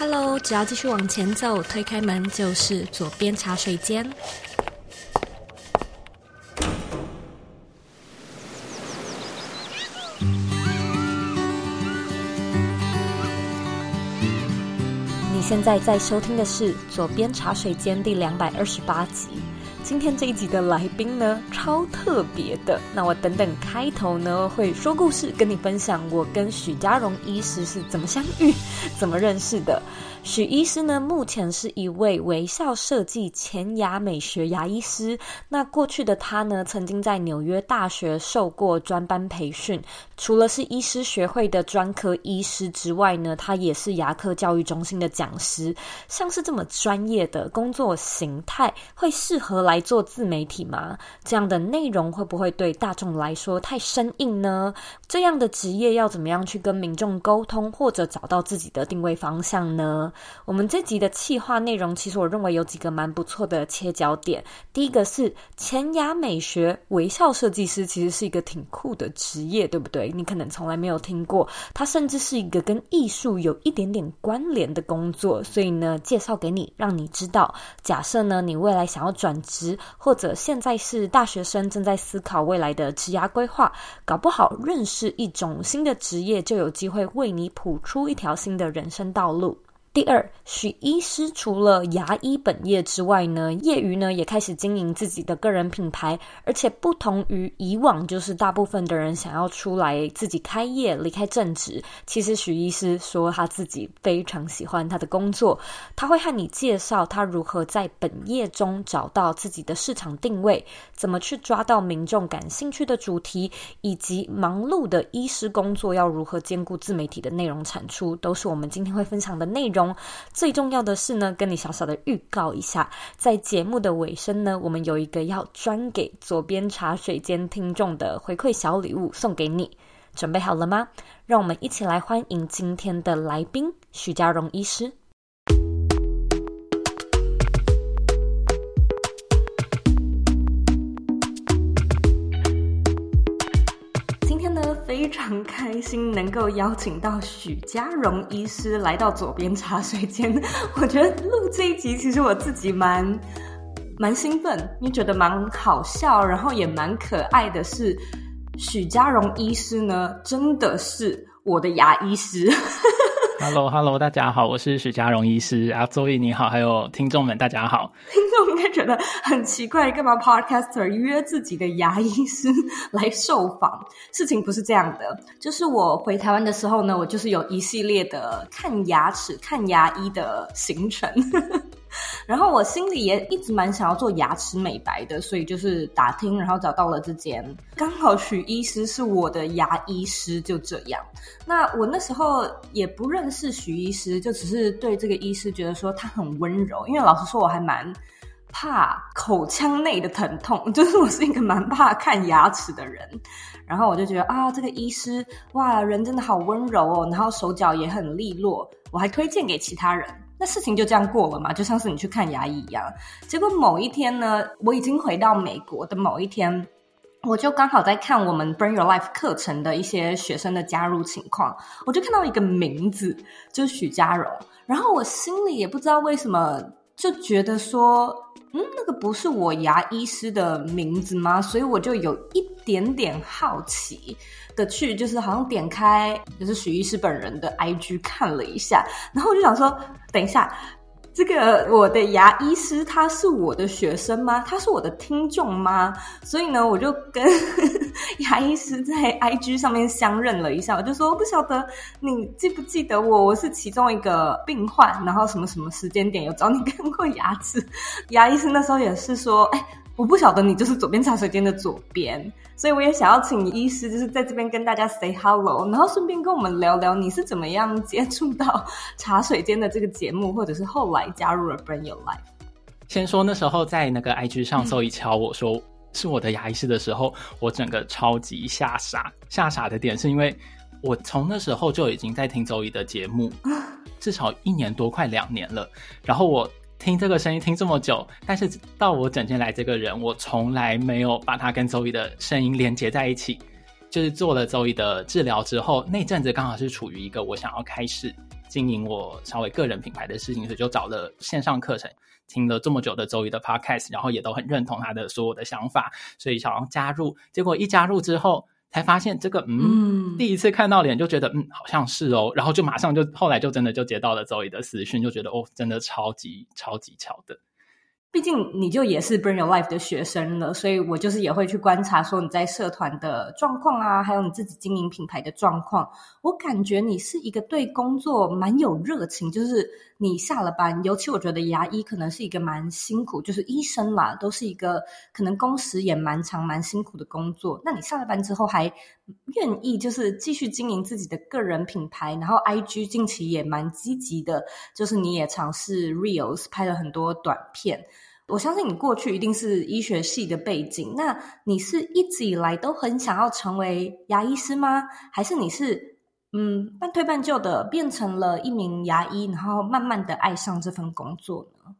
哈嘍，Hello, 只要繼續往前走，推開門就是佐編茶水間。你現在在收聽的是《佐編茶水間》第兩百二十八集。今天這一集的來賓呢，超特別的。那我等等開頭呢，會說故事，跟你分享我跟許家榕醫師是怎麼相遇、怎麼認識的。許醫師呢，目前是一位微笑設計前牙美學牙醫師。那過去的他呢，曾經在紐約大學受過專班培訓。除了是醫師學會的專科醫師之外呢，他也是牙科教育中心的講師。像是這麼專業的工作形態，會適合來做自媒體嗎？這樣的內容會不會對大眾來說太生硬呢？這樣的職業要怎麼樣去跟民眾溝通，或者找到自己的定位方向呢？我們這集的企劃內容，其實我認為有幾個蠻不錯的切角點。第一個是前牙美學微笑設計師，其實是一個挺酷的職業，對不對？你可能從來沒有聽過，它甚至是一個跟藝術有一點點關聯的工作。所以呢，介紹給你，讓你知道。假設呢，你未來想要轉職，或者現在是大學生正在思考未來的職涯規劃，搞不好認識一種新的職業，就有機會為你譜出一條新的人生道路。第二，許醫師除了牙醫本業之外呢，業餘呢也開始經營自己的個人品牌，而且不同於以往，就是大部分的人想要出來自己開業、離開正職。其實許醫師說他自己非常喜歡他的工作，他會和你介紹他如何在本業中找到自己的市場定位，怎麼去抓到民眾感興趣的主題，以及忙碌的醫師工作要如何兼顧自媒體的內容產出，都是我們今天會分享的內容。最重要的是呢，跟你小小的預告一下，在節目的尾聲呢，我們有一個要專給佐編茶水間聽眾的回饋小禮物送給你，準備好了嗎？讓我們一起來歡迎今天的來賓許家榕醫師。非常開心能夠邀請到許家榕醫師來到佐編茶水間。我覺得錄這一集，其實我自己蠻蠻興奮，你覺得蠻好笑，然後也蠻可愛的是。是許家榕醫師呢，真的是我的牙醫師。 哈嘍哈嘍，hello, hello, 大家好，我是許家榕醫師啊，Zoey 你好，還有聽眾們，大家好。聽眾 應該覺得很奇怪，幹嘛 Podcaster 約自己的牙醫師來受訪？事情不是這樣的，就是我回台灣的時候呢，我就是有一系列的看牙齒、看牙醫的行程。 然後我心裡也一直蠻想要做牙齒美白的,所以就是打聽，然後找到了這間。剛好許醫師是我的牙醫師，就這樣。那我那時候也不認識許醫師，就只是對這個醫師覺得說他很溫柔，因為老實說我還蠻怕口腔內的疼痛，就是我是一個蠻怕看牙齒的人。然後我就覺得啊，這個醫師哇，人真的好溫柔哦，然後手腳也很利落，我還推薦給其他人。那事情就這樣過了嘛，就像是你去看牙醫一樣。結果某一天呢，我已經回到美國的某一天，我就剛好在看我們 Bring Your Life 課程的一些學生的加入情況，我就看到一個名字，就是許家榕。然後我心裡也不知道為什麼，就覺得說，嗯，那個不是我牙醫師的名字嗎？所以我就有一點點好奇。的去就是好像點開就是許醫師本人的 IG 看了一下，然後我就想說，等一下，這個我的牙醫師，他是我的學生嗎？他是我的聽眾嗎？所以呢，我就跟 牙醫師在 IG 上面相認了一下，我就說我不曉得你記不記得我，我是其中一個病患，然後什麼什麼時間點有找你看過牙齒，牙醫師那時候也是說，哎。我不曉得你就是佐編茶水間的佐編，所以我也想要請醫師，就是在這邊跟大家 say hello，然後順便跟我們聊聊你是怎麼樣接觸到茶水間的這個節目，或者是後來加入了 Brand Your Life。先說那時候在那個 IG 上搜一敲，我說、嗯、是我的牙醫師的時候，我整個超級嚇傻，嚇傻的點是因為我從那時候就已經在聽 Zoey 的節目，至少一年多快兩年了，然後我。聽這個聲音聽這麼久，但是到我整進來這個人，我從來沒有把他跟 Zoey 的聲音連結在一起。就是做了 Zoey 的治療之後，那陣子剛好是處於一個我想要開始經營我稍微個人品牌的事情，所以就找了線上課程，聽了這麼久的 Zoey 的 podcast，然後也都很認同他的所有的想法，所以想要加入。結果一加入之後，才發現這個，嗯，嗯，第一次看到臉就覺得，嗯，好像是哦，然後就馬上就後來就真的就接到了 Zoey 的私訊，就覺得哦，真的超級超級巧的。畢竟你就也是 Bring Your Life 的學生了，所以我就是也會去觀察說你在社團的狀況啊，還有你自己經營品牌的狀況。我感覺你是一個對工作蠻有熱情，就是你下了班，尤其我覺得牙醫可能是一個蠻辛苦，就是醫生嘛，都是一個可能工時也蠻長、蠻辛苦的工作。那你下了班之後還願意就是繼續經營自己的個人品牌，然後 IG 近期也蠻積極的，就是你也嘗試 Reels 拍了很多短片。我相信你過去一定是醫學系的背景，那你是一直以來都很想要成為牙醫師嗎？還是你是？嗯，半推半就的變成了一名牙醫，然後慢慢的愛上這份工作呢。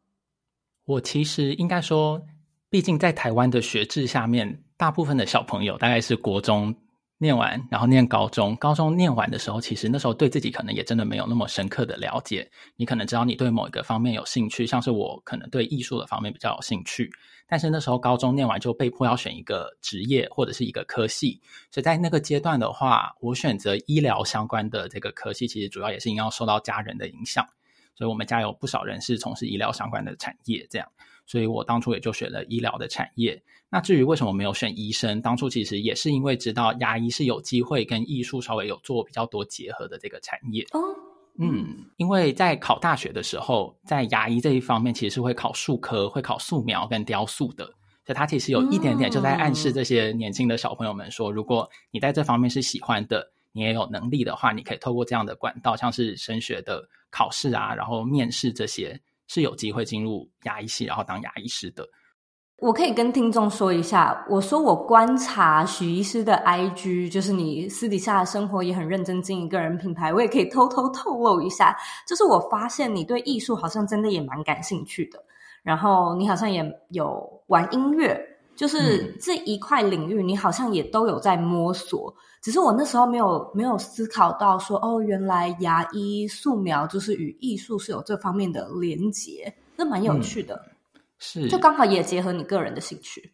我其實應該說，畢竟在台灣的學制下面，大部分的小朋友大概是國中念完，然後念高中。高中念完的時候，其實那時候對自己可能也真的沒有那麼深刻的了解。你可能知道你對某一個方面有興趣，像是我可能對藝術的方面比較有興趣。但是那時候高中念完就被迫要選一個職業或者是一個科系，所以在那個階段的話，我選擇醫療相關的這個科系，其實主要也是因為要受到家人的影響。所以我們家有不少人是從事醫療相關的產業，這樣，所以我當初也就選了醫療的產業。那至於為什麼沒有選醫生，當初其實也是因為知道牙醫是有機會跟藝術稍微有做比較多結合的這個產業哦，嗯，嗯，因為在考大學的時候，在牙醫這一方面其實是會考術科，會考素描跟雕塑的，所以它其實有一點點就在暗示這些年輕的小朋友們說，嗯、如果你在這方面是喜歡的，你也有能力的話，你可以透過這樣的管道，像是升學的考試啊，然後面試這些，是有機會進入牙醫系，然後當牙醫師的。我可以跟聽眾說一下，我說我觀察許醫師的 IG，就是你私底下的生活也很認真經營個人品牌。我也可以偷偷透露一下，就是我發現你對藝術好像真的也蠻感興趣的，然後你好像也有玩音樂，就是這一塊領域你好像也都有在摸索。嗯。只是我那時候沒有沒有思考到說，哦，原來牙醫素描就是與藝術是有這方面的連結，那蠻有趣的。嗯是，就剛好也結合你個人的興趣，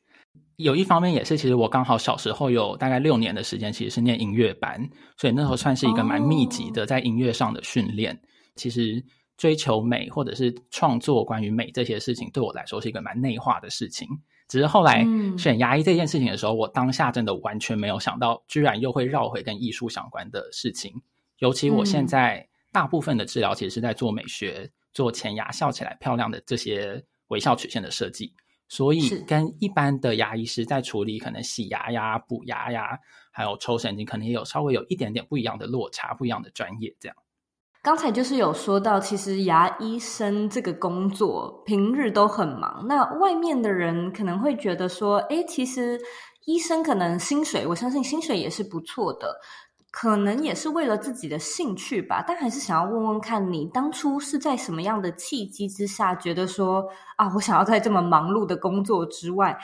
有一方面也是，其實我剛好小時候有大概六年的時間，其實是念音樂班，所以那時候算是一個蠻密集的在音樂上的訓練。哦、其實追求美或者是創作關於美這些事情，對我來說是一個蠻內化的事情。只是後來選牙醫這件事情的時候，嗯、我當下真的完全沒有想到，居然又會繞回跟藝術相關的事情。尤其我現在大部分的治療其實是在做美學，嗯、做前牙笑起來漂亮的這些。微笑曲線的設計，所以跟一般的牙醫師在處理可能洗牙呀、補牙呀，還有抽神經，可能也有稍微有一點點不一樣的落差，不一樣的專業。這樣。剛才就是有說到，其實牙醫生這個工作平日都很忙，那外面的人可能會覺得說，誒，其實醫生可能薪水，我相信薪水也是不錯的。可能也是為了自己的興趣吧，但還是想要問問看你當初是在什麼樣的契機之下，覺得說啊，我想要在這麼忙碌的工作之外，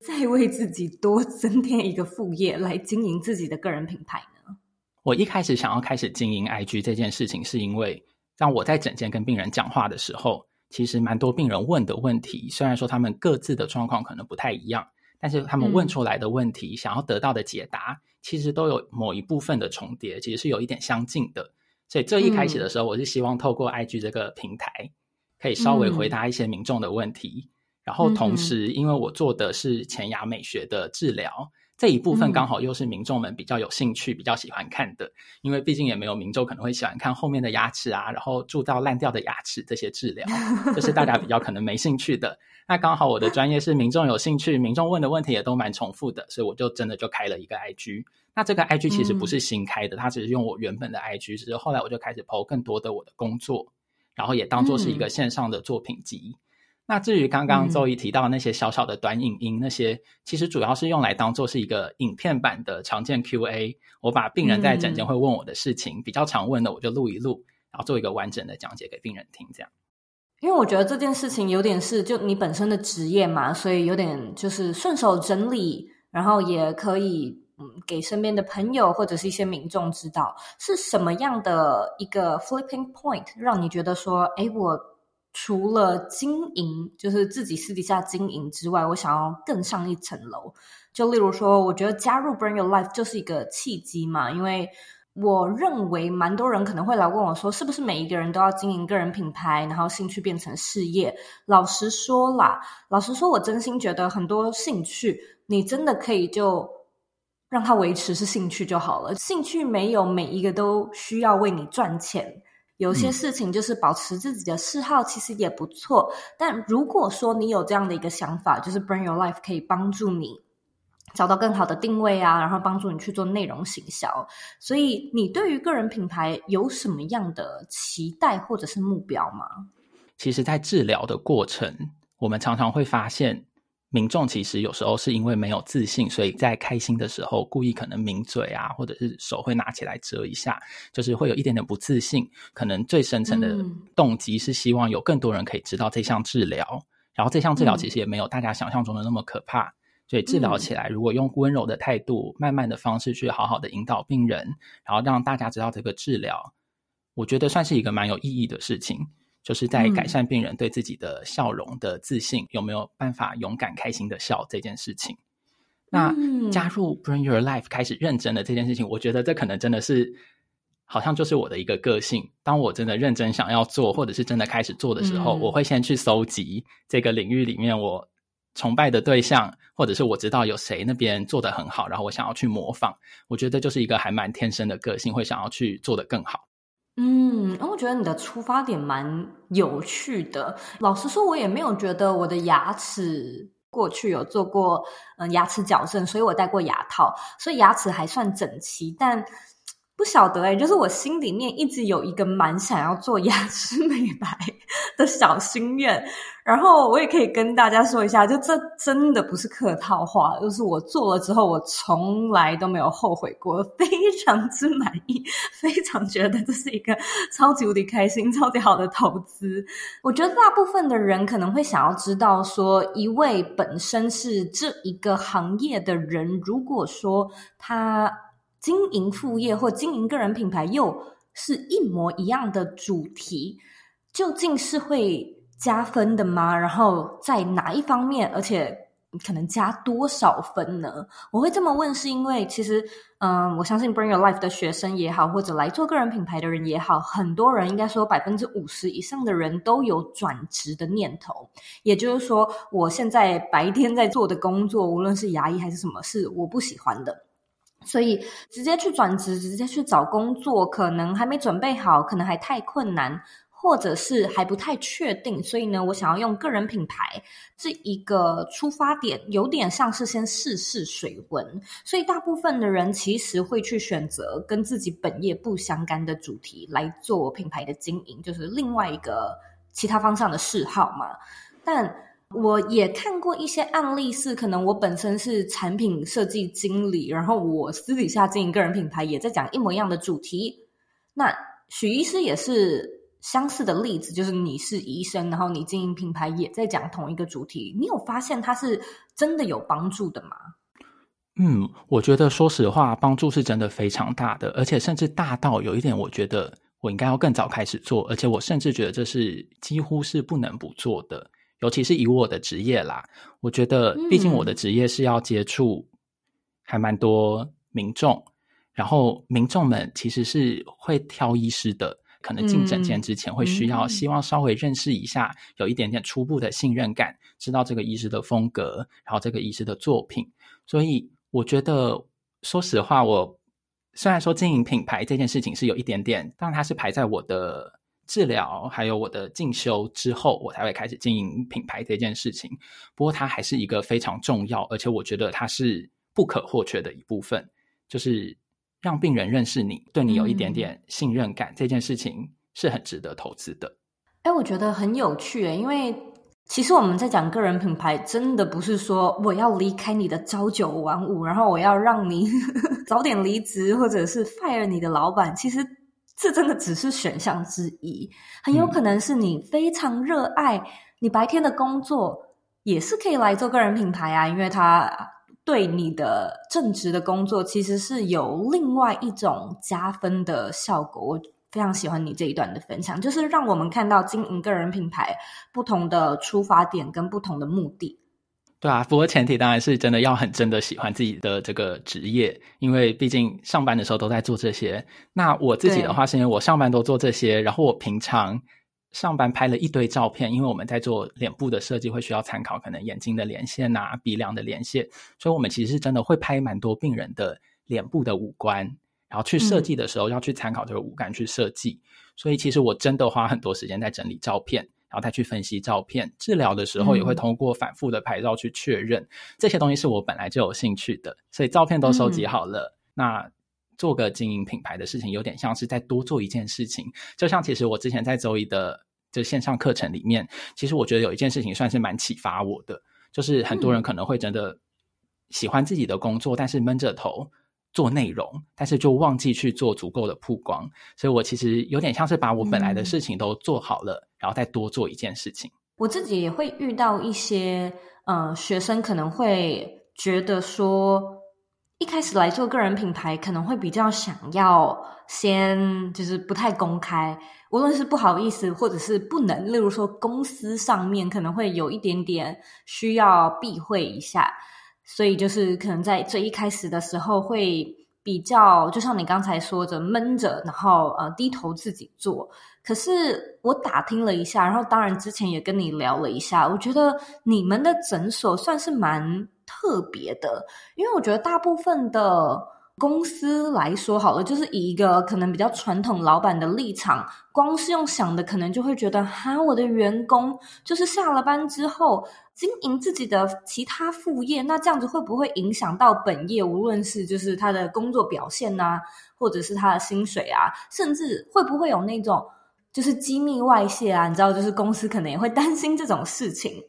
再為自己多增添一個副業，來經營自己的個人品牌呢？我一開始想要開始經營 IG 這件事情，是因為當我在診間跟病人講話的時候，其實蠻多病人問的問題，雖然說他們各自的狀況可能不太一樣。但是他們問出來的問題，嗯、想要得到的解答，其實都有某一部分的重疊，其實是有一點相近的。所以這一開始的時候，嗯、我是希望透過 IG 這個平台，可以稍微回答一些民眾的問題。嗯、然後同時，因為我做的是前牙美學的治療，嗯嗯，這一部分剛好又是民眾們比較有興趣、嗯、比較喜歡看的。因為畢竟也沒有民眾可能會喜歡看後面的牙齒啊，然後蛀到爛掉的牙齒這些治療，這 是大家比較可能沒興趣的。那剛好我的專業是民眾有興趣，民眾問的問題也都蠻重複的，所以我就真的就開了一個 IG。那這個 IG 其實不是新開的，嗯、它只是用我原本的 IG，只是後來我就開始 PO 更多的我的工作，然後也當作是一個線上的作品集。嗯、那至於剛剛 Zoe 提到那些小小的短影音，嗯、那些其實主要是用來當作是一個影片版的常見 QA。我把病人在診間會問我的事情，嗯、比較常問的我就錄一錄，然後做一個完整的講解給病人聽，這樣。因為我覺得這件事情有點是就你本身的職業嘛，所以有點就是順手整理，然後也可以嗯，給身邊的朋友或者是一些民眾知道是什麼樣的一個 flipping point，讓你覺得說，誒，我除了經營就是自己私底下經營之外，我想要更上一層樓。就例如說，我覺得加入 Brand Your Life 就是一個契機嘛，因為。我認為蠻多人可能會來問我，說是不是每一個人都要經營個人品牌，然後興趣變成事業？老實說啦，老實說，我真心覺得很多興趣，你真的可以就讓它維持是興趣就好了。興趣沒有每一個都需要為你賺錢，有些事情就是保持自己的嗜好，其實也不錯。嗯、但如果說你有這樣的一個想法，就是 Brand Your Life 可以幫助你。找到更好的定位啊，然後幫助你去做內容行銷。所以，你對於個人品牌有什麼樣的期待或者是目標嗎？其實，在治療的過程，我們常常會發現，民眾其實有時候是因為沒有自信，所以在開心的時候故意可能抿嘴啊，或者是手會拿起來遮一下，就是會有一點點不自信。可能最深層的動機是希望有更多人可以知道這項治療，嗯、然後這項治療其實也沒有大家想象中的那麼可怕。嗯所以治療起來，嗯、如果用溫柔的態度、慢慢的方式去好好的引導病人，然後讓大家知道這個治療，我覺得算是一個蠻有意義的事情。就是在改善病人對自己的笑容的自信，嗯、有沒有辦法勇敢、開心的笑這件事情。那、嗯、加入 Bring Your Life 開始認真的這件事情，我覺得這可能真的是好像就是我的一個個性。當我真的認真想要做，或者是真的開始做的時候，嗯、我會先去蒐集這個領域裡面我崇拜的對象，或者是我知道有誰那邊做的很好，然後我想要去模仿。我覺得就是一個還蠻天生的個性，會想要去做的更好。嗯，我覺得你的出發點蠻有趣的。老實說，我也沒有覺得我的牙齒過去有做過嗯牙齒矯正，所以我戴過牙套，所以牙齒還算整齊，但不曉得誒、欸、就是我心裡面一直有一個蠻想要做牙齒美白的小心願，然後我也可以跟大家說一下，就這真的不是客套話，就是我做了之後，我從來都沒有後悔過，非常之滿意，非常覺得這是一個超級無敵開心、超級好的投資。我覺得大部分的人可能會想要知道，說一位本身是這一個行業的人，如果說他經營副業或經營個人品牌，又是一模一樣的主題，究竟是會加分的嗎？然後在哪一方面，而且可能加多少分呢？我會這麼問，是因為其實，嗯、呃，我相信 Bring Your Life 的學生也好，或者來做個人品牌的人也好，很多人應該說百分之五十以上的人都有轉職的念頭。也就是說，我現在白天在做的工作，無論是牙醫還是什麼，是我不喜歡的。所以直接去轉職，直接去找工作，可能還沒準備好，可能還太困難，或者是還不太確定。所以呢，我想要用個人品牌這一個出發點，有點像是先試試水溫。所以大部分的人其實會去選擇跟自己本業不相干的主題來做品牌的經營，就是另外一個其他方向的嗜好嘛。但我也看過一些案例，是可能我本身是產品設計經理，然後我私底下經營個人品牌，也在講一模一樣的主題。那許醫師也是相似的例子，就是你是醫生，然後你經營品牌也在講同一個主題。你有發現它是真的有幫助的嗎？嗯，我覺得說實話，幫助是真的非常大的，而且甚至大到有一點，我覺得我應該要更早開始做，而且我甚至覺得這是幾乎是不能不做的。尤其是以我的職業啦，我覺得，畢竟我的職業是要接觸，還蠻多民眾，嗯、然後民眾們其實是會挑醫師的，可能進診間之前會需要，希望稍微認識一下，嗯、有一點點初步的信任感，知道這個醫師的風格，然後這個醫師的作品，所以我覺得，說實話我，我雖然說經營品牌這件事情是有一點點，但它是排在我的。治療，還有我的進修之後，我才會開始經營品牌這件事情。不過，它還是一個非常重要，而且我覺得它是不可或缺的一部分，就是讓病人認識你，對你有一點點信任感，嗯、這件事情是很值得投資的。哎、欸，我覺得很有趣耶，因為其實我們在講個人品牌，真的不是說我要離開你的朝九晚五，然後我要讓你 早點離職，或者是 fire 你的老闆。其實。這真的只是選項之一，很有可能是你非常熱愛、嗯、你白天的工作，也是可以來做個人品牌啊！因為它對你的正職的工作其實是有另外一種加分的效果。我非常喜歡你這一段的分享，就是讓我們看到經營個人品牌不同的出發點跟不同的目的。對啊，不過前提當然是真的要很真的喜歡自己的這個職業，因為畢竟上班的時候都在做這些。那我自己的話，是因為我上班都做這些，對然後我平常上班拍了一堆照片，因為我們在做臉部的設計會需要參考，可能眼睛的連線啊、鼻樑的連線，所以我們其實是真的會拍蠻多病人的臉部的五官，然後去設計的時候要去參考這個五官去設計。嗯、所以其實我真的花很多時間在整理照片。然後再去分析照片，治療的時候也會通過反覆的拍照去確認、嗯、這些東西是我本來就有興趣的，所以照片都收集好了。嗯、那做個經營品牌的事情，有點像是再多做一件事情。就像其實我之前在 Zoey 的就線上課程裡面，其實我覺得有一件事情算是蠻啟發我的，就是很多人可能會真的喜歡自己的工作，嗯、但是悶着頭做內容，但是就忘記去做足夠的曝光。所以我其實有點像是把我本來的事情都做好了。嗯然後再多做一件事情。我自己也會遇到一些，嗯，呃，學生可能會覺得說，一開始來做個人品牌，可能會比較想要先就是不太公開，無論是不好意思，或者是不能，例如說公司上面可能會有一點點需要避諱一下，所以就是可能在最一開始的時候會。比較就像你剛才說的悶着，然後呃，低頭自己做。可是我打聽了一下，然後當然之前也跟你聊了一下，我覺得你們的診所算是蠻特別的，因為我覺得大部分的公司來說，好了，就是以一個可能比較傳統老闆的立場，光是用想的，可能就會覺得哈、啊，我的員工就是下了班之後。經營自己的其他副業，那這樣子會不會影響到本業？無論是就是他的工作表現吶，或者是他的薪水啊，甚至會不會有那種就是機密外洩啊？你知道，就是公司可能也會擔心這種事情。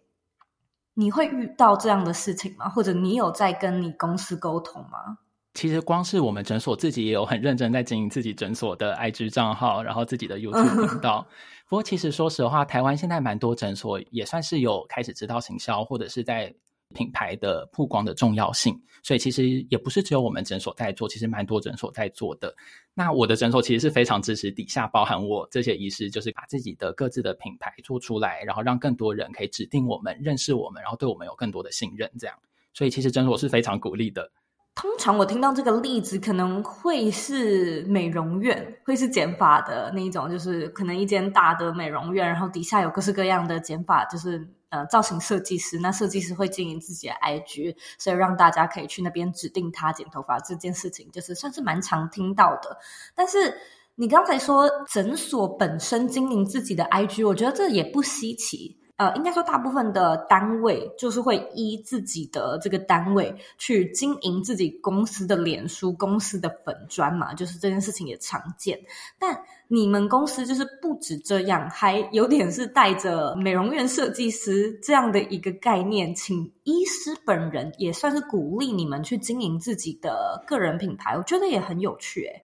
你會遇到這樣的事情嗎？或者你有在跟你公司溝通嗎？其實光是我們診所自己也有很認真在經營自己診所的 IG 賬號，然後自己的 YouTube 頻道。不過其實說實話，台灣現在蠻多診所也算是有開始知道行銷或者是在品牌的曝光的重要性，所以其實也不是只有我們診所在做，其實蠻多診所在做的。那我的診所其實是非常支持底下包含我這些醫師，就是把自己的各自的品牌做出來，然後讓更多人可以指定我們、認識我們，然後對我們有更多的信任這樣。所以其實診所是非常鼓勵的。通常我聽到這個例子，可能會是美容院，會是剪髮的那一種，就是可能一間大的美容院，然後底下有各式各樣的剪髮，就是呃造型設計師，那設計師會經營自己的 IG，所以讓大家可以去那邊指定他剪頭髮這件事情，就是算是蠻常聽到的。但是你剛才說診所本身經營自己的 IG，我覺得這也不稀奇。呃，應該說大部分的單位就是會依自己的這個單位去經營自己公司的臉書、公司的粉專嘛，就是這件事情也常見。但你們公司就是不止這樣，還有點是帶着美容院設計師這樣的一個概念，請醫師本人也算是鼓勵你們去經營自己的個人品牌，我覺得也很有趣，欸。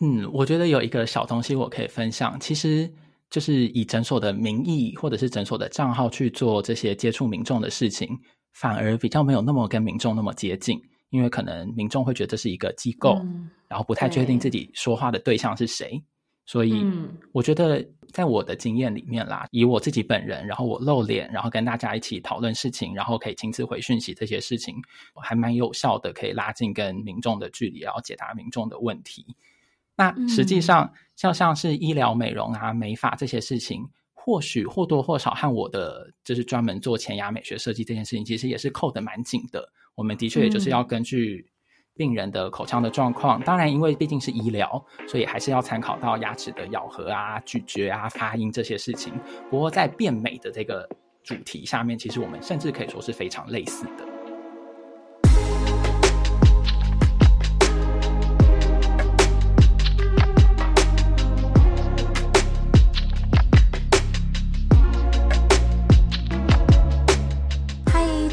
嗯，我覺得有一個小東西我可以分享，其實。就是以診所的名義或者是診所的賬號去做這些接觸民眾的事情，反而比較沒有那麼跟民眾那麼接近，因為可能民眾會覺得這是一個機構，然後不太確定自己說話的對象是誰。所以，我覺得在我的經驗裡面啦，以我自己本人，然後我露臉，然後跟大家一起討論事情，然後可以親自回訊息這些事情，我還蠻有效的，可以拉近跟民眾的距離，然後解答民眾的問題。那實際上。像像是醫療美容啊、美髮這些事情，或許或多或少和我的就是專門做前牙美學設計這件事情，其實也是扣得蠻緊的。我們的確也就是要根據病人的口腔的狀況，嗯。當然因為畢竟是醫療，所以還是要參考到牙齒的咬合啊、咀嚼啊、發音這些事情。不過在變美的這個主題下面，其實我們甚至可以說是非常類似的。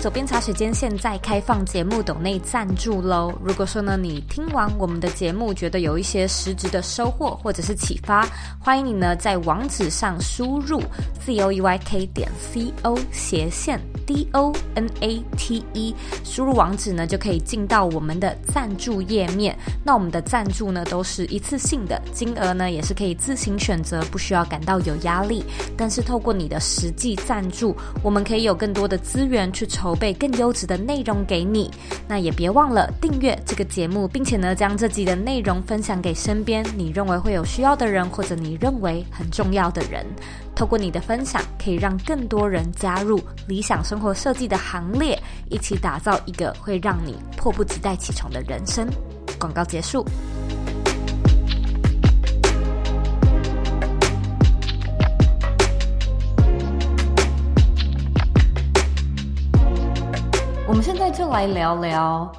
佐編茶水間現在開放節目抖內贊助嘍。如果說呢，你聽完我們的節目，覺得有一些實質的收穫或者是啟發，歡迎你呢在網址上輸入 z o e y k 點 c o 斜線 d o n a t e，輸入網址呢就可以進到我們的贊助頁面。那我們的贊助呢都是一次性的，金額呢也是可以自行選擇，不需要感到有壓力。但是透過你的實際贊助，我們可以有更多的資源去籌籌備更優質的內容給你，那也別忘了訂閱這個節目，並且呢將這集的內容分享給身邊你認為會有需要的人，或者你認為很重要的人。透過你的分享，可以讓更多人加入理想生活設計的行列，一起打造一個會讓你迫不及待起床的人生。廣告結束。我們現在就來聊聊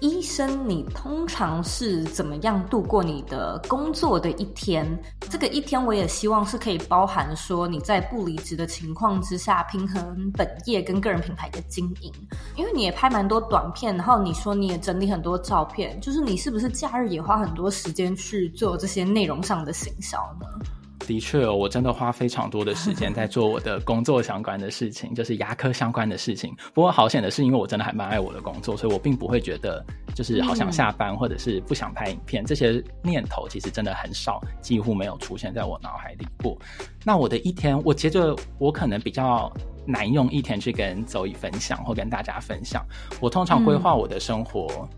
醫生，你通常是怎麼樣度過你的工作的一天？這個一天，我也希望是可以包含說你在不離職的情況之下，平衡本業跟個人品牌的經營。因為你也拍蠻多短片，然後你說你也整理很多照片，就是你是不是假日也花很多時間去做這些內容上的行銷呢？的確、哦，我真的花非常多的時間在做我的工作相關的事情， 就是牙科相關的事情。不過好險的是，因為我真的還蠻愛我的工作，所以我並不會覺得就是好想下班或者是不想拍影片、嗯、這些念頭，其實真的很少，幾乎沒有出現在我腦海裡過。那我的一天，我覺得我可能比較難用一天去跟周乙分享或跟大家分享。我通常規劃我的生活，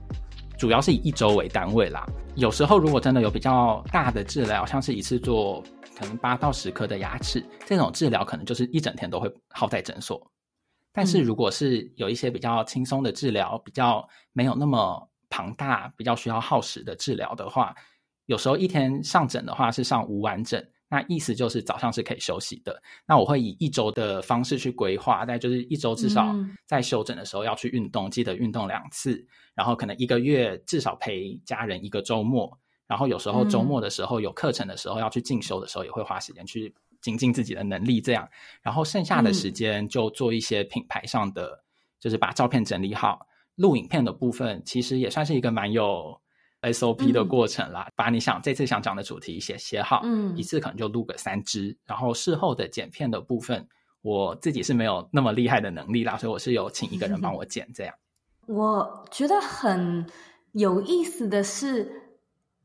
主要是以一周為單位啦。嗯、有時候如果真的有比較大的治療，像是一次做。可能八到十顆的牙齒，這種治療可能就是一整天都會耗在診所。但是如果是有一些比較輕鬆的治療，嗯、比較沒有那麼龐大，比較需要耗時的治療的話，有時候一天上診的話是上午晚診，那意思就是早上是可以休息的。那我會以一周的方式去規劃，但就是一周至少在休診的時候要去運動，嗯、記得運動兩次，然後可能一個月至少陪家人一個周末。然後有時候周末的時候、嗯、有課程的時候要去進修的時候也會花時間去精進自己的能力，這樣。然後剩下的時間就做一些品牌上的，嗯、就是把照片整理好，錄影片的部分其實也算是一個蠻有 SOP 的過程啦。嗯、把你想這次想講的主題寫寫好，嗯、一次可能就錄個三支。然後事後的剪片的部分，我自己是沒有那麼厲害的能力啦，所以我是有請一個人幫我剪。這樣，我覺得很有意思的是。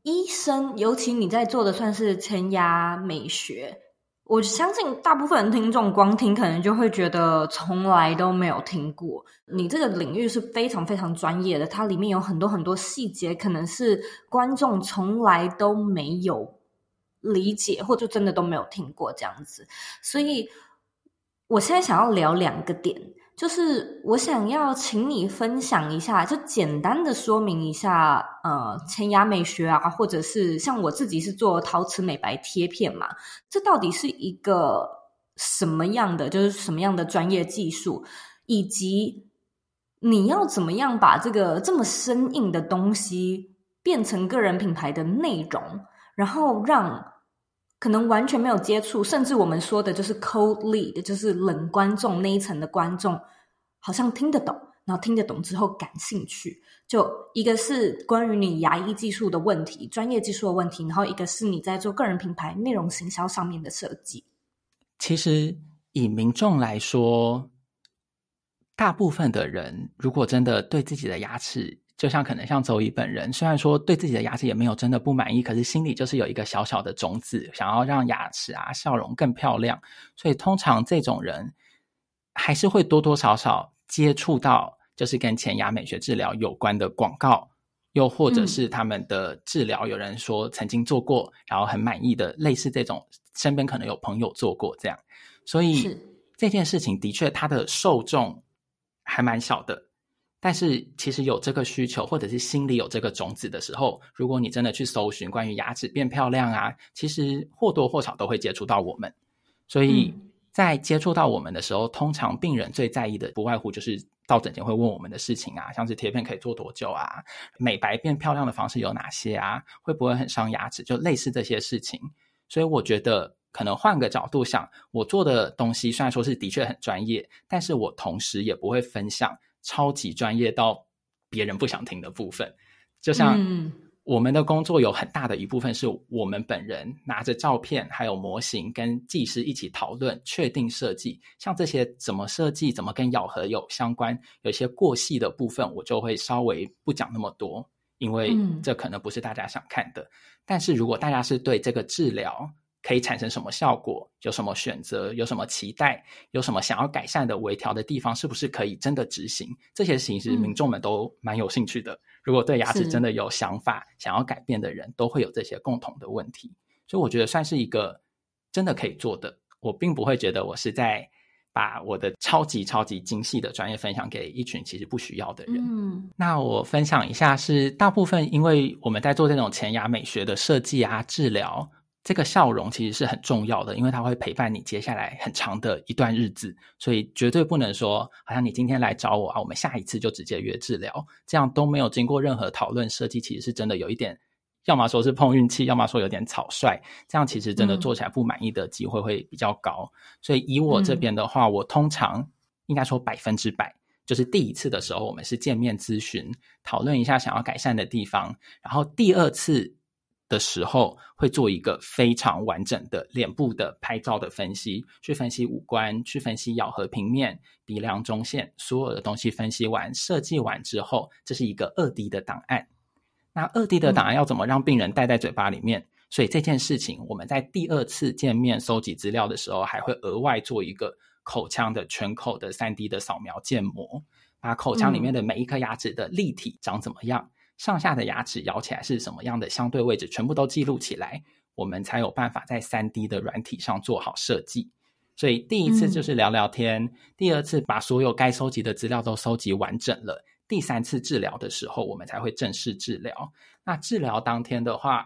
醫生，尤其你在做的算是前牙美學，我相信大部分人聽眾光聽可能就會覺得從來都沒有聽過。你這個領域是非常非常專業的，它裡面有很多很多細節，可能是觀眾從來都沒有理解，或者真的都沒有聽過這樣子。所以，我現在想要聊兩個點。就是我想要請你分享一下，就簡單的說明一下，呃，前牙美學啊，或者是像我自己是做陶瓷美白貼片嘛，這到底是一個什麼樣的，就是什麼樣的專業技術，以及你要怎麼樣把這個這麼生硬的東西變成個人品牌的內容，然後讓。可能完全沒有接觸，甚至我們說的就是 cold lead，就是冷觀眾那一層的觀眾，好像聽得懂，然後聽得懂之後感興趣。就一個是關於你牙醫技術的問題，專業技術的問題，然後一個是你在做個人品牌內容行銷上面的設計。其實以民眾來說，大部分的人如果真的對自己的牙齒，就像可能像 Zoey 本人，雖然說對自己的牙齒也沒有真的不滿意，可是心裡就是有一個小小的種子，想要讓牙齒啊笑容更漂亮。所以通常這種人還是會多多少少接觸到，就是跟前牙美學治療有關的廣告，又或者是他們的治療，嗯、有人說曾經做過，然後很滿意的，類似這種，身邊可能有朋友做過這樣。所以是這件事情的確，它的受眾還蠻小的。但是，其實有這個需求，或者是心裡有這個種子的時候，如果你真的去搜尋關於牙齒變漂亮啊，其實或多或少都會接觸到我們。所以在接觸到我們的時候，通常病人最在意的不外乎就是到診間會問我們的事情啊，像是貼片可以做多久啊，美白變漂亮的方式有哪些啊，會不會很傷牙齒？就類似這些事情。所以我覺得，可能換個角度想，我做的東西雖然說是的確很專業，但是我同時也不會分享。超級專業到別人不想聽的部分，就像我們的工作有很大的一部分是我們本人拿着照片還有模型跟技師一起討論確定設計，像這些怎麼設計、怎麼跟咬合有相關，有些過細的部分我就會稍微不講那麼多，因為這可能不是大家想看的。但是如果大家是對這個治療，可以產生什麼效果？有什麼選擇？有什麼期待？有什麼想要改善的微調的地方？是不是可以真的執行？這些事情是民眾們都蠻有興趣的。嗯、如果對牙齒真的有想法、是想要改變的人，都會有這些共同的問題。所以我覺得算是一個真的可以做的。我並不會覺得我是在把我的超級超級精細的專業分享給一群其實不需要的人。嗯，那我分享一下是，是大部分因為我們在做這種前牙美學的設計啊、治療。這個笑容其實是很重要的，因為它會陪伴你接下來很長的一段日子，所以絕對不能說，好像你今天來找我啊，我們下一次就直接約治療，這樣都沒有經過任何討論設計，其實是真的有一點，要麼說是碰運氣，要麼說有點草率，這樣其實真的做起來不滿意的機會會比較高。嗯、所以以我這邊的話，我通常應該說百分之百，嗯、就是第一次的時候我們是見面諮詢，討論一下想要改善的地方，然後第二次。的時候會做一個非常完整的臉部的拍照的分析，去分析五官，去分析咬合平面、鼻梁中線，所有的東西分析完，設計完之後，這是一個二 D 的檔案。那二 D 的檔案要怎麼讓病人戴在嘴巴裡面？嗯。所以這件事情，我們在第二次見面收集資料的時候，還會額外做一個口腔的全口的三 D 的掃描建模，把口腔裡面的每一顆牙齒的立體長怎麼樣。嗯上下的牙齒咬起來是什麼樣的相對位置，全部都記錄起來，我們才有辦法在 3D 的軟體上做好設計。所以第一次就是聊聊天，嗯、第二次把所有該收集的資料都收集完整了，第三次治療的時候，我們才會正式治療。那治療當天的話，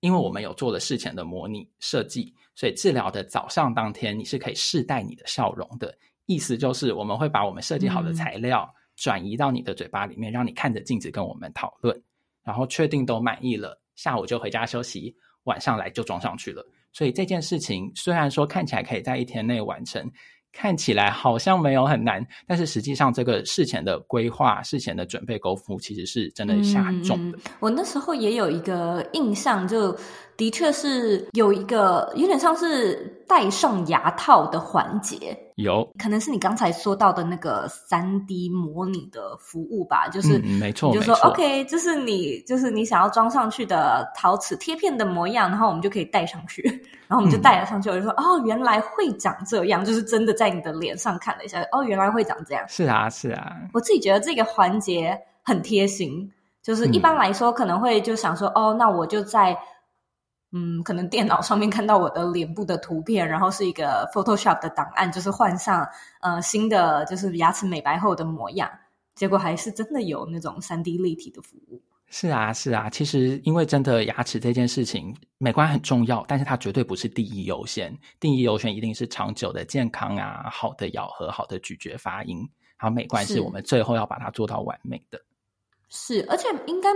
因為我們有做了事前的模擬設計，所以治療的早上當天你是可以試戴你的笑容的。意思就是我們會把我們設計好的材料。嗯轉移到你的嘴巴裡面，讓你看着鏡子跟我們討論，然後確定都滿意了，下午就回家休息，晚上來就裝上去了。所以這件事情雖然說看起來可以在一天內完成，看起來好像沒有很難，但是實際上這個事前的規劃、事前的準備功夫其實是真的下重的。嗯，我那時候也有一個印象，就的確是有一個有點像是戴上牙套的環節。有可能是你剛才說到的那個三 D 模擬的服務吧，就是、嗯、沒錯，你就說沒錯，OK，這是你就是你想要裝上去的陶瓷貼片的模樣，然後我們就可以戴上去，然後我們就戴了上去，嗯、我就說哦，原來會長這樣，就是真的在你的臉上看了一下，哦，原來會長這樣。是啊，是啊，我自己覺得這個環節很貼心，就是一般來說可能會就想說、嗯、哦，那我就在。嗯，可能電腦上面看到我的臉部的圖片，然後是一個 Photoshop 的檔案，就是換上呃新的，就是牙齒美白後的模樣。結果還是真的有那種三 D 立體的服務。是啊，是啊，其實因為真的牙齒這件事情，美觀很重要，但是它絕對不是第一優先。第一優先一定是長久的健康啊，好的咬合，好的咀嚼、好的咀嚼發音，然後美觀是我們最後要把它做到完美的。是，是，而且應該。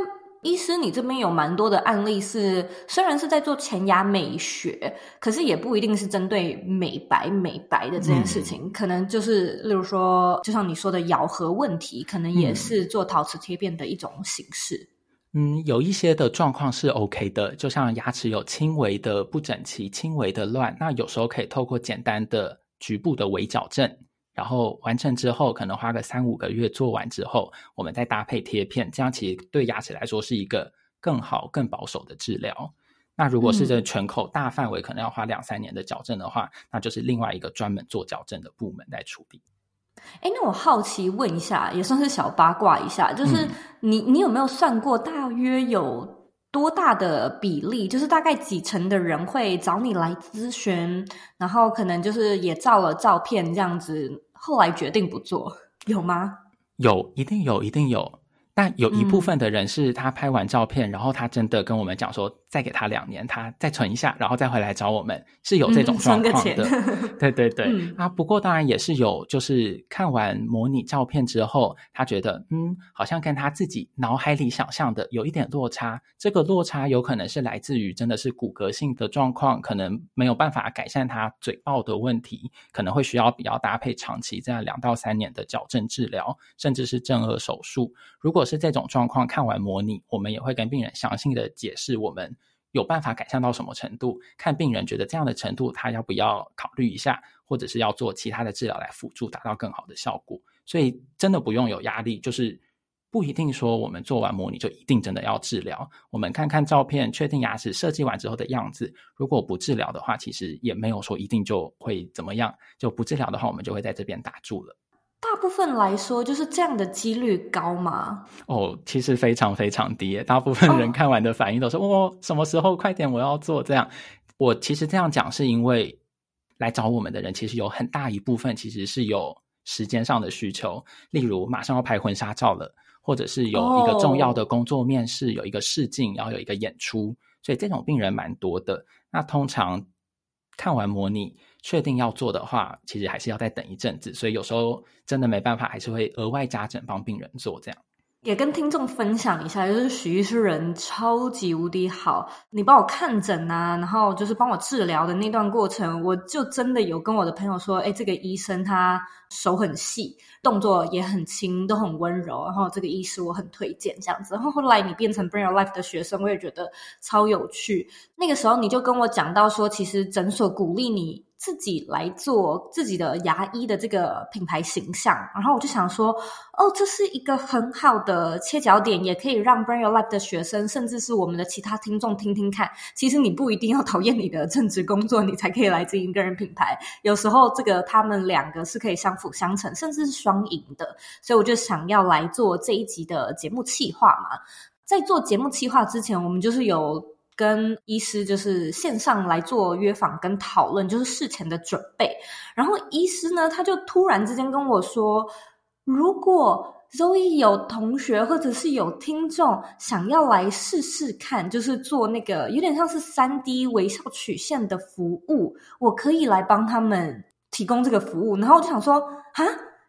醫師，你這邊有蠻多的案例是，雖然是在做前牙美學，可是也不一定是針對美白、美白的這件事情，嗯、可能就是例如說，就像你說的咬合問題，可能也是做陶瓷貼片的一種形式。嗯，有一些的狀況是 OK 的，就像牙齒有輕微的不整齊、輕微的亂，那有時候可以透過簡單的局部的微矯正。然後完成之後，可能花個三五個月做完之後，我們再搭配貼片，這樣其實對牙齒來說是一個更好、更保守的治療。那如果是這全口大範圍，可能要花兩三年的矯正的話，那就是另外一個專門做矯正的部門來處理。哎、嗯，那我好奇問一下，也算是小八卦一下，就是你你有沒有算過，大約有？多大的比例，就是大概幾成的人會找你來諮詢，然後可能就是也照了照片這樣子，後來決定不做，有嗎？有，一定有，一定有。但有一部分的人是他拍完照片，嗯、然後他真的跟我們講說，再給他兩年，他再存一下，然後再回來找我們，是有這種狀況的。嗯、 對對對、嗯、啊，不過當然也是有，就是看完模擬照片之後，他覺得嗯，好像跟他自己腦海裡想象的有一點落差。這個落差有可能是來自於真的是骨骼性的狀況，可能沒有辦法改善他嘴暴的問題，可能會需要比較搭配長期這樣兩到三年的矯正治療，甚至是正頜手術。如果是這種狀況，看完模擬，我們也會跟病人詳細的解釋，我們有辦法改善到什麼程度。看病人覺得這樣的程度，他要不要考慮一下，或者是要做其他的治療來輔助，達到更好的效果。所以真的不用有壓力，就是不一定說我們做完模擬就一定真的要治療。我們看看照片，確定牙齒設計完之後的樣子。如果不治療的話，其實也沒有說一定就會怎麼樣。就不治療的話，我們就會在這邊打住了。大部分來說，就是這樣的幾率高嗎？哦，oh, 其實非常非常低。大部分人看完的反應都是：oh. 哦，什麼時候快點，我要做這樣。我其實這樣講是因為來找我們的人，其實有很大一部分其實是有時間上的需求，例如馬上要拍婚紗照了，或者是有一個重要的工作面試，oh. 有一個試鏡，然後有一個演出，所以這種病人蠻多的。那通常。看完模擬，確定要做的話，其實還是要再等一陣子。所以有時候真的沒辦法，還是會額外加診幫病人做這樣。也跟聽眾分享一下，就是許醫師人超級無敵好，你幫我看診啊，然後就是幫我治療的那段過程，我就真的有跟我的朋友說，哎、欸，這個醫生他手很細，動作也很輕，都很溫柔，然後這個醫師我很推薦這樣子。然後後來你變成 Brand Your Life 的學生，我也覺得超有趣。那個時候你就跟我講到說，其實診所鼓勵你。自己來做自己的牙醫的這個品牌形象，然後我就想說，哦，這是一個很好的切角點，也可以讓 Bring Your Life 的學生，甚至是我們的其他聽眾聽，聽聽看。其實你不一定要討厭你的正職工作，你才可以來經營個人品牌。有時候這個他們兩個是可以相輔相成，甚至是雙贏的。所以我就想要來做這一集的節目企劃嘛。在做節目企劃之前，我們就是有。跟醫師就是線上來做約訪跟討論，就是事前的準備。然後醫師呢，他就突然之間跟我說：“如果 Zoey 有同學或者是有聽眾想要來試試看，就是做那個有點像是三 D 微笑曲線的服務，我可以來幫他們提供這個服務。”然後我就想說：“啊。”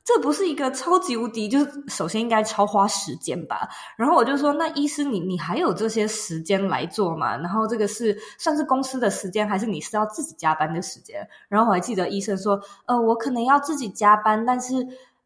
這不是一個超級無敵，就是首先應該超花時間吧。然後我就說，那醫師你你還有這些時間來做嗎？然後這個是算是公司的時間，還是你是要自己加班的時間？然後我還記得醫生說，呃，我可能要自己加班，但是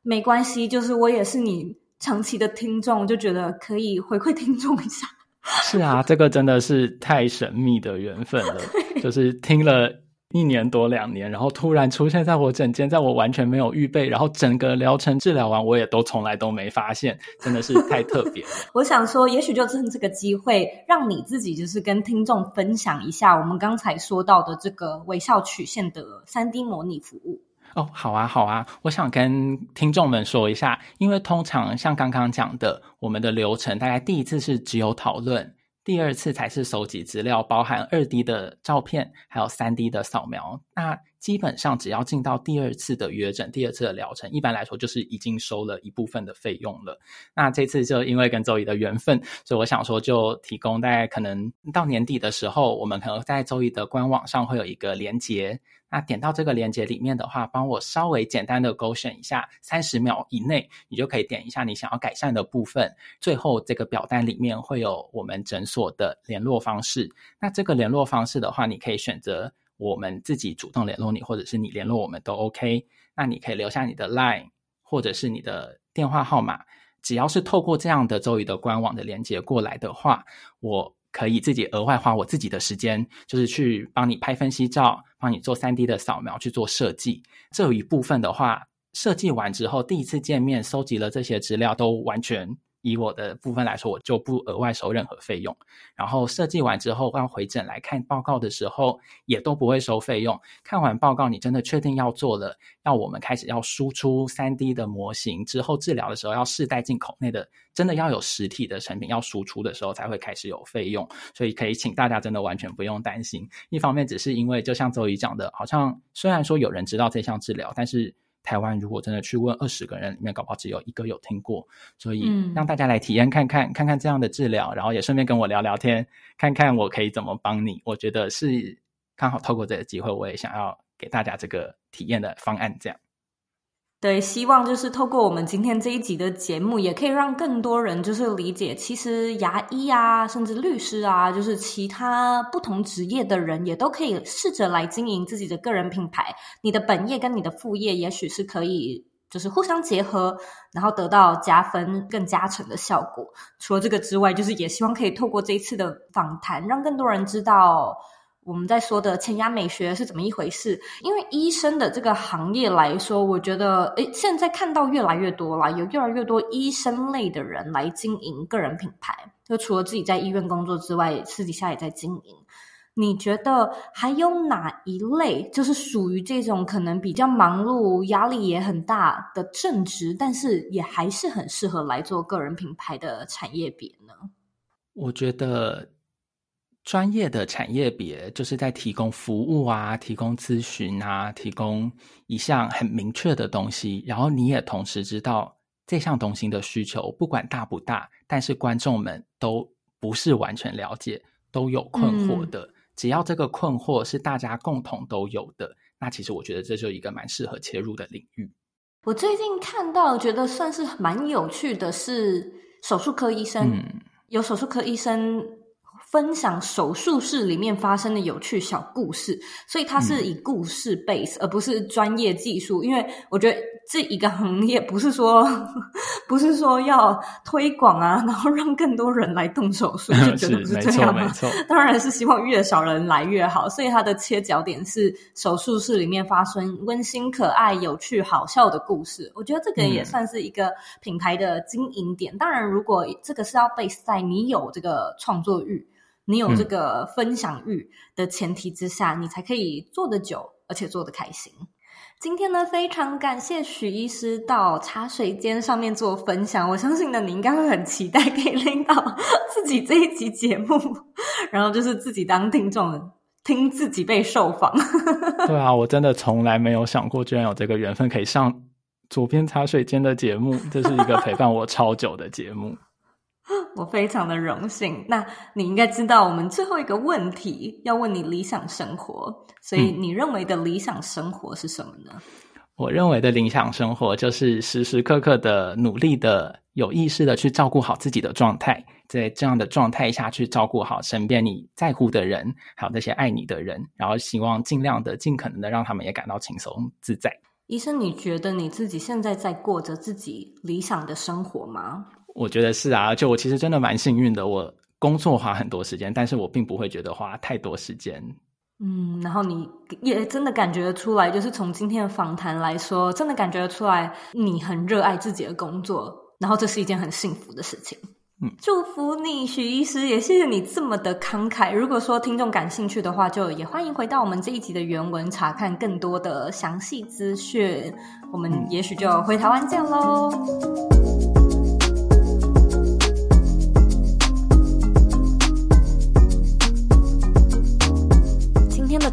沒關係，就是我也是你長期的聽眾，我就覺得可以回饋聽眾一下。是啊， 這個真的是太神秘的緣分了， 對就是聽了。一年多兩年，然後突然出現在我診間，在我完全沒有預備，然後整個療程治療完，我也都從來都沒發現，真的是太特別了。 我想說，也許就趁這個機會，讓你自己就是跟聽眾分享一下我們剛才說到的這個微笑曲線的三 D 模擬服務。哦，好啊，好啊，我想跟聽眾們說一下，因為通常像剛剛講的，我們的流程大概第一次是只有討論。第二次才是收集資料，包含 2D 的照片，還有 3D 的掃描。那。基本上只要進到第二次的約診，第二次的療程，一般來說就是已經收了一部分的費用了。那這次就因為跟 Zoey 的緣分，所以我想說就提供大家，可能到年底的時候，我們可能在 Zoey 的官網上會有一個連接。那點到這個連接裡面的話，幫我稍微簡單的勾選一下，三十秒以內你就可以點一下你想要改善的部分。最後這個表單裡面會有我們診所的聯絡方式。那這個聯絡方式的話，你可以選擇。我們自己主動聯絡你，或者是你聯絡我們都 OK。那你可以留下你的 LINE 或者是你的電話號碼，只要是透過這樣的周瑜的官網的連接過來的話，我可以自己額外花我自己的時間，就是去幫你拍分析照，幫你做 3D 的掃描去做設計。這有一部分的話，設計完之後，第一次見面收集了這些資料都完全，以我的部分來說，我就不額外收任何費用。然後設計完之後，要回診來看報告的時候，也都不會收費用。看完報告，你真的確定要做了，要我們開始要輸出 3D 的模型之後，治療的時候要試戴進口內的，真的要有實體的產品要輸出的時候才會開始有費用。所以可以請大家真的完全不用擔心。一方面只是因為，就像 Zoe 講的，好像雖然說有人知道這項治療，但是。台灣如果真的去問二十個人，裡面搞不好只有一個有聽過，所以讓大家來體驗看看，嗯、看看這樣的治療，然後也順便跟我聊聊天，看看我可以怎麼幫你。我覺得是剛好透過這個機會，我也想要給大家這個體驗的方案，這樣。對，希望就是透過我們今天這一集的節目，也可以讓更多人就是理解，其實牙醫啊，甚至律師啊，就是其他不同職業的人，也都可以試着來經營自己的個人品牌。你的本業跟你的副業，也許是可以就是互相結合，然後得到加分更加成的效果。除了這個之外，就是也希望可以透過這一次的訪談，讓更多人知道。我們在說的“前牙美學”是怎麼一回事？因為醫生的這個行業來說，我覺得，哎，現在看到越來越多了，有越來越多醫生類的人來經營個人品牌。就除了自己在醫院工作之外，私底下也在經營。你覺得還有哪一類就是屬於這種可能比較忙碌、壓力也很大的正職，但是也還是很適合來做個人品牌的產業別呢？我覺得。專業的產業別就是在提供服務啊，提供諮詢啊，提供一項很明確的東西，然後你也同時知道這項東西的需求不管大不大，但是觀眾們都不是完全了解，都有困惑的。嗯、只要這個困惑是大家共同都有的，那其實我覺得這就一個蠻適合切入的領域。我最近看到覺得算是蠻有趣的是，手術科醫生、嗯、有手術科醫生。分享手術室裡面發生的有趣小故事，所以它是以故事 base，嗯、而不是專業技術。因為我覺得這一個行業不是說 不是說要推廣啊，然後讓更多人來動手術，我覺得不是這樣的。當然是希望越少人來越好。所以它的切角點是手術室裡面發生溫馨、可愛、有趣、好笑的故事。我覺得這個也算是一個品牌的經營點。嗯、當然，如果這個是要 base 在，你有這個創作欲。你有這個分享欲的前提之下，嗯、你才可以做得久，而且做得開心。今天呢，非常感謝許醫師到茶水間上面做分享。我相信呢，你應該會很期待可以聽到自己這一集節目，然後就是自己當聽眾，聽自己被受訪。 對啊，我真的從來沒有想過，居然有這個緣分可以上佐編茶水間的節目。這是一個陪伴我超久的節目。 我非常的榮幸。那你應該知道，我們最後一個問題要問你理想生活，所以你認為的理想生活是什麼呢？嗯，我認為的理想生活就是時時刻刻的努力的、有意識的去照顧好自己的狀態，在這樣的狀態下去照顧好身邊你在乎的人，還有那些愛你的人，然後希望盡量的、盡可能的讓他們也感到輕鬆自在。醫生，你覺得你自己現在在過着自己理想的生活嗎？我覺得是啊，就我其實真的蠻幸運的。我工作花很多時間，但是我並不會覺得花太多時間。嗯，然後你也真的感覺出來，就是從今天的訪談來說，真的感覺出來你很熱愛自己的工作，然後這是一件很幸福的事情。嗯，祝福你，許醫師，也謝謝你這麼的慷慨。如果說聽眾感興趣的話，就也歡迎回到我們這一集的原文，查看更多的詳細資訊。我們也許就回台灣見嘍。嗯嗯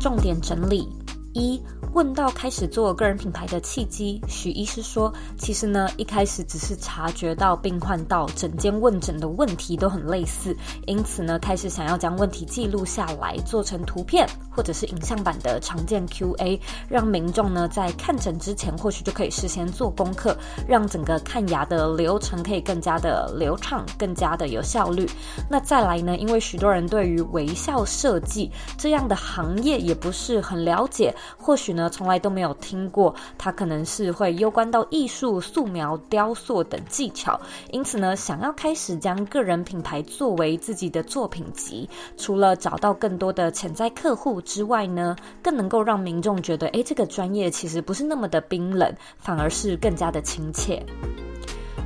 重點整理一。問到開始做個人品牌的契機，徐醫師說：“其實呢，一開始只是察覺到病患到診間問診的問題都很類似，因此呢，開始想要將問題記錄下來，做成圖片或者是影像版的常見 Q&A，讓民眾呢在看診之前或許就可以事先做功課，讓整個看牙的流程可以更加的流暢，更加的有效率。那再來呢，因為許多人對於微笑設計這樣的行業也不是很了解，或許呢。”從來都沒有聽過，他可能是會攸關到藝術、素描、雕塑等技巧，因此呢，想要開始將個人品牌作為自己的作品集，除了找到更多的潛在客戶之外呢，更能夠讓民眾覺得，誒，這個專業其實不是那麼的冰冷，反而是更加的親切。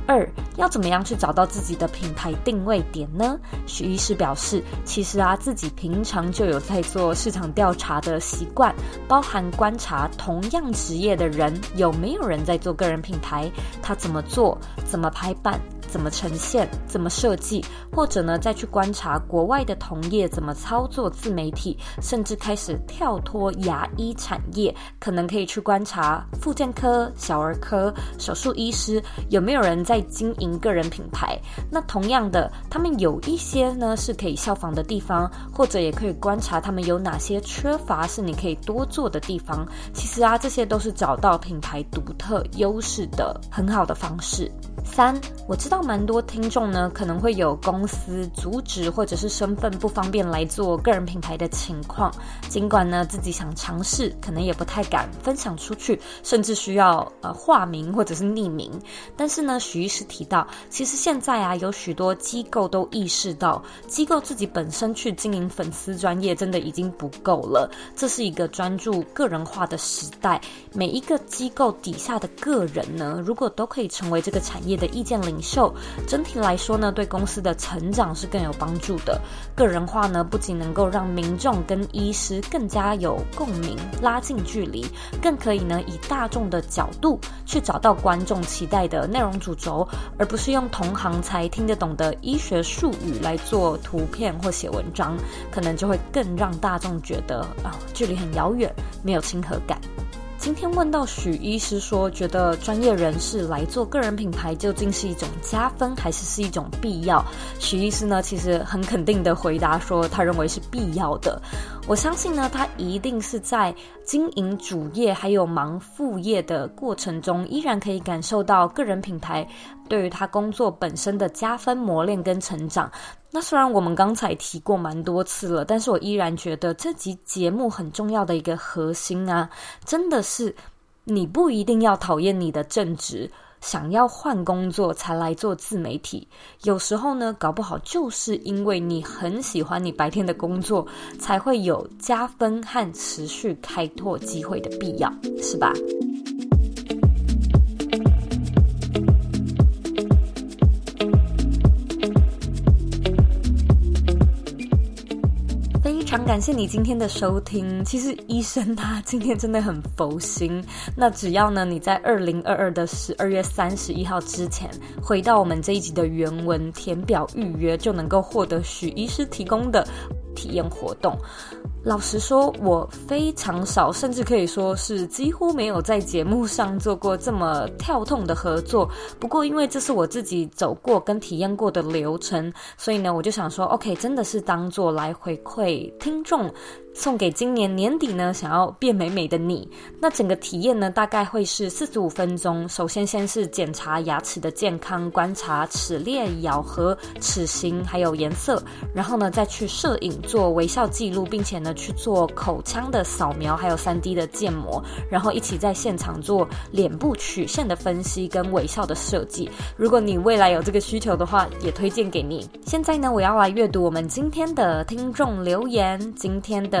二，要怎麼樣去找到自己的品牌定位點呢？許醫師表示，其實啊，自己平常就有在做市場調查的習慣，包含觀察同樣職業的人有沒有人在做個人品牌，他怎麼做，怎麼排版，怎麼呈現，怎麼設計，或者呢，再去觀察國外的同業怎麼操作自媒體，甚至開始跳脫牙醫產業，可能可以去觀察婦產科、小兒科、手術醫師有沒有人在經營個人品牌。那同樣的，他們有一些呢是可以效仿的地方，或者也可以觀察他們有哪些缺乏是你可以多做的地方。其實啊，這些都是找到品牌獨特優勢的很好的方式。三，我知道。有蠻多聽眾呢，可能會有公司阻止或者是身份不方便來做個人品牌的情況。儘管呢，自己想嘗試，可能也不太敢分享出去，甚至需要呃化名，或者是匿名。但是呢，許醫師提到，其實現在啊，有許多機構都意識到，機構自己本身去經營粉絲專頁真的已經不夠了。這是一個專注個人化的時代，每一個機構底下的個人呢，如果都可以成為這個產業的意見領袖。整體來說呢，對公司的成長是更有幫助的。個人化呢，不僅能夠讓民眾跟醫師更加有共鳴、拉近距離，更可以呢，以大眾的角度去找到觀眾期待的內容主軸，而不是用同行才聽得懂的醫學術語來做圖片或寫文章，可能就會更讓大眾覺得啊，距離很遙遠，沒有親和感。今天問到許醫師說，覺得專業人士來做個人品牌究竟是一種加分，還是是一種必要？許醫師呢，其實很肯定地回答說，他認為是必要的。我相信呢，他一定是在經營主業還有忙副業的過程中，依然可以感受到個人品牌對於他工作本身的加分、磨練跟成長。那雖然我們剛才提過蠻多次了，但是我依然覺得這集節目很重要的一個核心啊，真的是你不一定要討厭你的正職。想要換工作才來做自媒體，有時候呢，搞不好就是因為你很喜歡你白天的工作，才會有加分和持續開拓機會的必要，是吧？非常感謝你今天的收聽。其實醫生他今天真的很佛心。那只要呢，你在二零二二的十二月三十一號之前回到我們這一集的原文填表預約，就能夠獲得許醫師提供的。體驗活動，老實說，我非常少，甚至可以說是幾乎沒有在節目上做過這麼跳痛的合作。不過，因為這是我自己走過跟體驗過的流程，所以呢，我就想說，OK，真的是當做來回饋聽眾。送給今年年底呢，想要變美美的你，那整個體驗呢，大概會是四十五分鐘。首先先是檢查牙齒的健康，觀察齒列、咬合、齒形還有顏色，然後呢再去攝影做微笑記錄，並且呢去做口腔的掃描，還有三 D 的建模，然後一起在現場做臉部曲線的分析跟微笑的設計。如果你未來有這個需求的話，也推薦給你。現在呢，我要來閱讀我們今天的聽眾留言，今天的。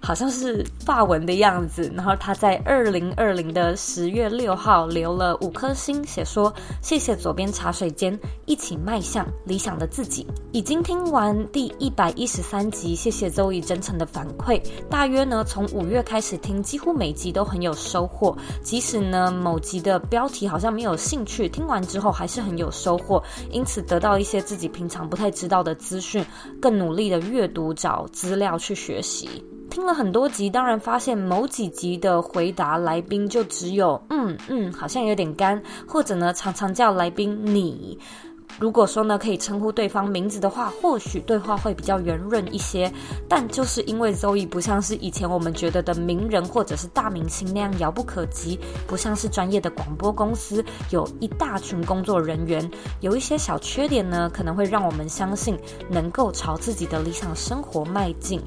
好像是發文的樣子，然後他在二零二零的十月六號留了五顆星，寫說，謝謝佐編茶水間，一起邁向理想的自己。已經聽完第一百一十三集，謝謝 Zoey 真誠的反饋。大約呢，從五月開始聽，幾乎每集都很有收穫。即使呢，某集的標題好像沒有興趣，聽完之後還是很有收穫，因此得到一些自己平常不太知道的資訊，更努力地閱讀找資料去學習。聽了很多集，當然發現某幾集的回答來賓就只有嗯嗯，好像有點乾，或者呢常常叫來賓你。如果說呢可以稱呼對方名字的話，或許對話會比較圓潤一些。但就是因為 Zoe 不像是以前我們覺得的名人或者是大明星那樣遙不可及，不像是專業的廣播公司有一大群工作人員，有一些小缺點呢，可能會讓我們相信能夠朝自己的理想生活邁進。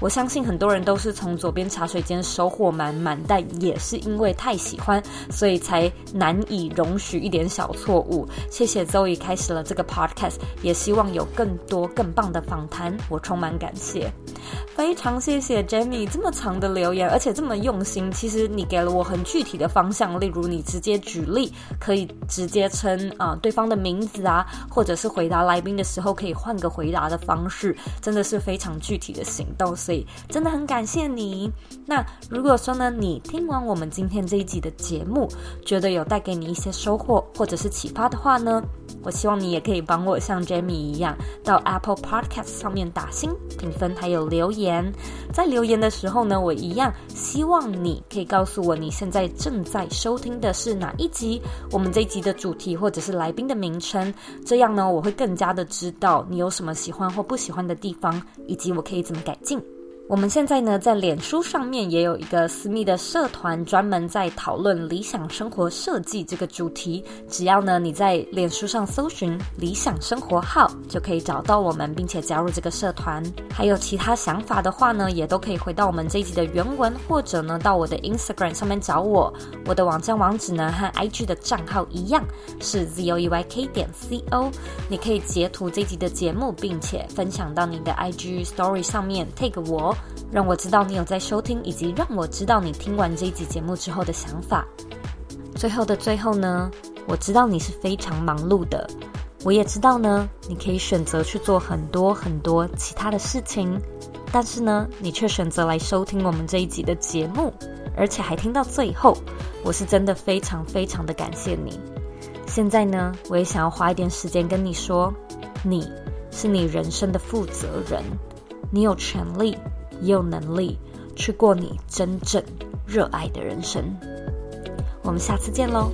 我相信很多人都是佐編茶水間收穫滿滿，但也是因為太喜歡，所以才難以容許一點小錯誤。謝謝 Zoey 開始了這個 podcast，也希望有更多更棒的訪談，我充滿感謝。非常謝謝 Jamie 這麼長的留言，而且這麼用心。其實你給了我很具體的方向，例如你直接舉例，可以直接稱啊、呃、對方的名字啊，或者是回答來賓的時候可以換個回答的方式，真的是非常具體的行動。所以，真的很感謝你。那如果說呢，你聽完我們今天這一集的節目，覺得有帶給你一些收穫或者是啟發的話呢，我希望你也可以幫我像 Jamie 一樣，到 Apple Podcast 上面打星評分，還有留言。在留言的時候呢，我一樣希望你可以告訴我，你現在正在收聽的是哪一集，我們這一集的主題或者是來賓的名稱，這樣呢，我會更加的知道你有什麼喜歡或不喜歡的地方，以及我可以怎麼改進。我們現在呢，在臉書上面也有一個私密的社團，專門在討論理想生活設計這個主題。只要呢你在臉書上搜尋“理想生活號”，就可以找到我們，並且加入這個社團。還有其他想法的話呢，也都可以回到我們這一集的原文，或者呢到我的 Instagram 上面找我。我的網站網址呢和 IG 的賬號一樣是 zoeyk 點 co。你可以截圖這集的節目，並且分享到你的 IG Story 上面，take 我。讓我知道你有在收聽，以及讓我知道你聽完這一集節目之後的想法。最後的最後呢，我知道你是非常忙碌的，我也知道呢，你可以選擇去做很多很多其他的事情，但是呢，你卻選擇來收聽我們這一集的節目，而且還聽到最後，我是真的非常非常的感謝你。現在呢，我也想要花一點時間跟你說，你是你人生的負責人，你有權利。也有能力去過你真正熱愛的人生。我們下次見嘍。